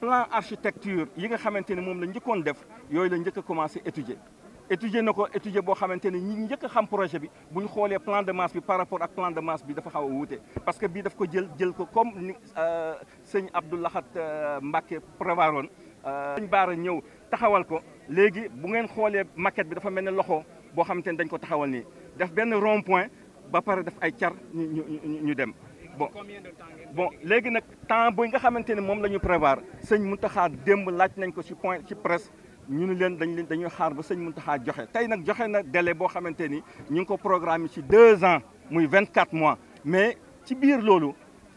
plan architecture yi nga xamante ne moom la njëkkoon def yooyu la njëkk a commencé étudier étudier na ko étudier boo xamante ne ñi njëkk a xam projet bi bu ñu xoolee plan de masse bi par rapport ak plan de masse bi dafa xaw wuute parce que bi daf ko jël jël ko comme ni euh, sëñ Abdou Lahat euh, Mbacké prévoiroon euh, sëñ Baara ñëw taxawal ko léegi bu ngeen xoolee maquette bi dafa mel ne loxo boo xamante ne dañ ko taxawal nii def benn ronpoint ba pare def ay car ñu ñu dem bon bon léegi nag temps bu nga xamante ni moom la ñu prévoir sëñ Mountakha démb laaj nañ ko ci point ci presse ñu ni leen dañ leen dañuy xaar ba sëñ Mountakha joxe tey nag joxe na délai boo xamante ni ñu ko programme ci deux ans muy vingt quatre mois mais ci biir loolu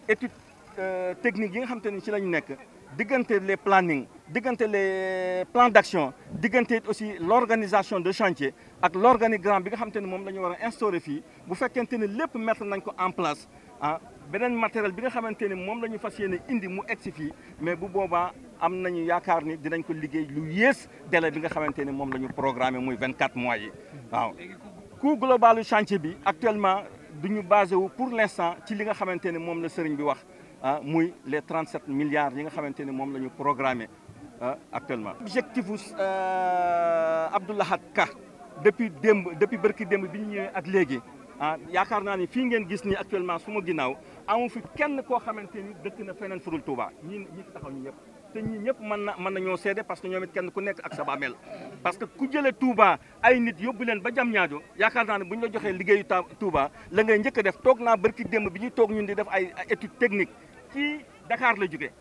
étude euh, technique yi nga xamante ni ci la ñu nekk diggante les planning diggante les plans d'action diggante aussi l'organisation de chantier ak l'organigramme bi nga xamante ni moom la ñu war instaurer fii bu fekkente ni lépp mettre nañ ko en place ah, beneen matériel bi nga xamante ni moom la ñu fas yéene indi mu egsi fii mais bu boobaa am nañu yaakaar ni dinañ ko liggéey lu yées délai bi nga xamante ni moom la programme programmé muy mois yi waaw. coût globalu chantier bi actuellement du ñu basé wu pour l' instant ci li nga xamante ne moom la sëriñ bi wax ah muy les 37 milliards yi nga xamante ne moom la ñu programmé ah, actuellement. objectif u euh, Abdou Lahad Ka depuis démb depuis bërki démb bi ñu ñëwee ak léegi. ah yaakaar naa ni fii ngeen gis nii actuellement suma ma ginnaaw amu fi kenn koo xamante ni dëkk na feneen furul Touba ñi ñi fi taxaw ñi ñëpp te mën na mën nañoo seede parce que ñoom kenn ku nekk ak sa bàmmeel parce que ku jële Touba ay nit yóbbu leen ba jam ñaajo yaakaar naa ne bu ñu la joxee liggéeyu ta Touba la ngay njëkk def toog naa barki démb bi ñuy toog ñun di def ay étude technique kii dakaar la jóge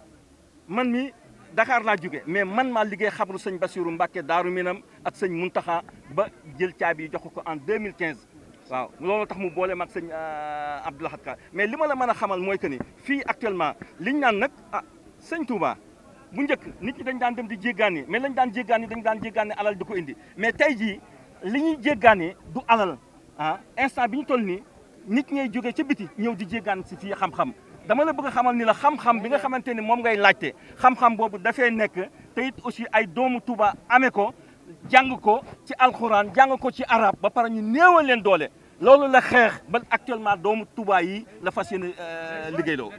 man mi dakaar laa jóge mais man maa liggéey xabru sëñ Bassirou Mbacke Daaru Minam ak sëñ Muntaxa ba jël caabi yi jox ko en 2015 waaw loolu tax mu boole mag sëñ euh, Abdou Lahad Ka mais li ma la mën a xamal mooy que ni fii actuellement liñ naan nag a ah, sëñ Touba bu njëkk nit ñi dañ daan dem di jéggaani mais lañ daan jéggaani dañ daan jéggaani alal du ko indi mais tey jii li ñuy jéggaani du alal ah instant bi ñu toll nii nit ñay jóge ci biti ñëw di jéggaan si fii xam-xam dama la bëgg a xamal ni la xam-xam bi nga xamante ni moom ngay laajte xam-xam boobu dafay nekk tey it aussi ay doomu Touba amee ko jàng ko ci alxuraan jàng ko ci arab ba pare ñu néewal leen doole. loolu la xeex ba actuellement doomu Touba yi la fas yéene euh, liggéeyloo